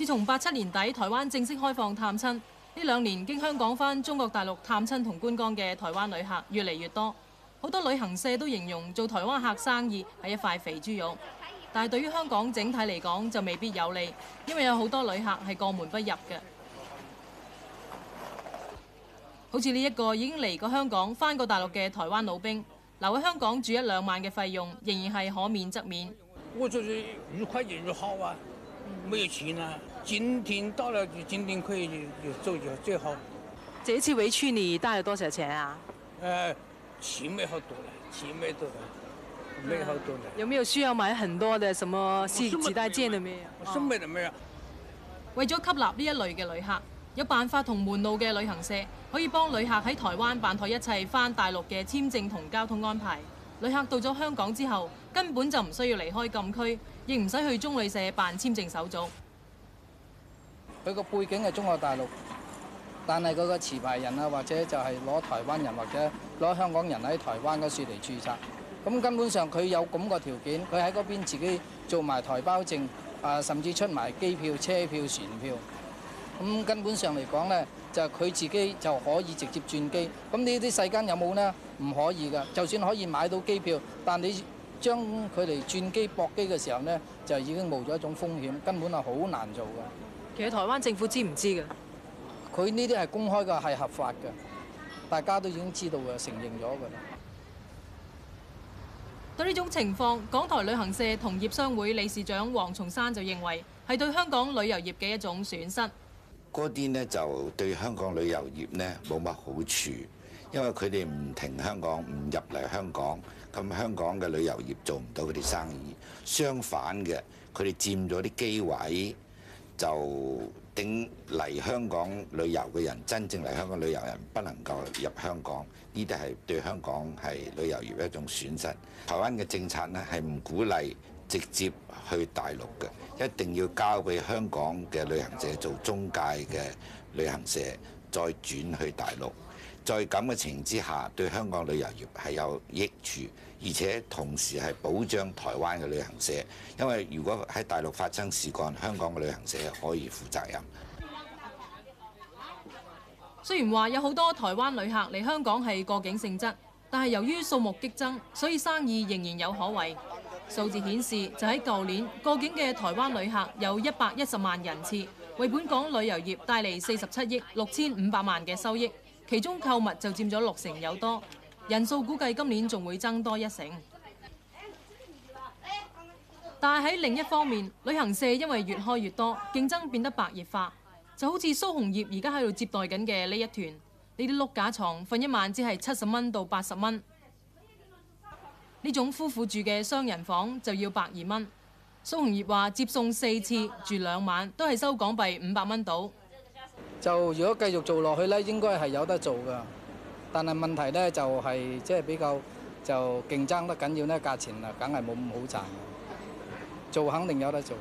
自從八七年底台灣正式開放探親，呢兩年經香港返中國大陸探親同觀光嘅台灣旅客越嚟越多，好多旅行社都形容做台灣客生意係一塊肥豬肉，但係對於香港整體嚟講就未必有利，因為有好多旅客係過門不入嘅。好似呢一個已經嚟過香港、返過大陸嘅台灣老兵，留喺香港住一兩晚嘅費用，仍然係可免則免。我就是越快越好啊，冇錢啊。今天到了，就今天可以就就最好。這次委屈你帶了多少錢啊？呃錢沒好多了，錢沒多，萬好多啦、啊。有沒有需要買很多的什麼幾大件的沒有？我什麼都沒有。為咗吸納呢一類嘅旅客，有辦法同門路嘅旅行社可以幫旅客喺台灣辦妥一切返大陸嘅簽證同交通安排。旅客到咗香港之後，根本就唔需要離開禁區，亦唔使去中旅社辦簽證手續。佢個背景係中國大陸，但係嗰個持牌人啊，或者就係攞台灣人或者攞香港人喺台灣嗰處嚟註冊，咁根本上佢有咁個條件，佢喺嗰邊自己做埋台胞證啊，甚至出埋機票、車票、船票，咁根本上嚟講咧，就係佢自己就可以直接轉機。咁呢啲世間有冇咧？唔可以㗎。就算可以買到機票，但你將佢哋轉機駁機嘅時候咧，就已經冒咗一種風險，根本係好難做㗎。嘅台灣政府知唔知㗎？佢呢啲係公開嘅，係合法嘅，大家都已經知道嘅，承認咗㗎啦。對呢種情況，港台旅行社同業商會理事長黃松山就認為係對香港旅遊業嘅一種損失。嗰啲呢就對香港旅遊業呢冇乜好處，因為佢哋唔停香港，唔入嚟香港，咁香港嘅旅遊業做唔到佢哋生意。相反嘅，佢哋佔咗啲機位。就定嚟香港旅遊嘅人，真正嚟香港旅遊人不能夠入香港，呢啲係對香港係旅遊業一種損失。台灣嘅政策咧，係唔鼓勵直接去大陸嘅，一定要交俾香港嘅旅行社做中介嘅旅行社再轉去大陸。在咁嘅情形之下，對香港旅遊業係有益處，而且同時係保障台灣嘅旅行社。因為如果喺大陸發生事幹，香港嘅旅行社可以負責任。雖然話有好多台灣旅客嚟香港係過境性質，但係由於數目激增，所以生意仍然有可為。數字顯示就喺舊年過境嘅台灣旅客有一百一十萬人次，為本港旅遊業帶嚟四十七億六千五百萬嘅收益。其中購物就佔咗六成有多，人數估計今年仲會增多一成。但係喺另一方面，旅行社因為越開越多，競爭變得白熱化，就好似蘇紅葉而家喺度接待緊嘅呢一團，呢啲碌架床瞓一晚只係七十蚊到八十蚊，呢種夫婦住嘅雙人房就要百二蚊。蘇紅葉話接送四次住兩晚都係收港幣五百蚊到。就如果繼續做落去咧，應該係有得做噶。但係問題咧就係即係比較就競爭得緊要咧，價錢啊梗係冇咁好賺，做肯定有得做。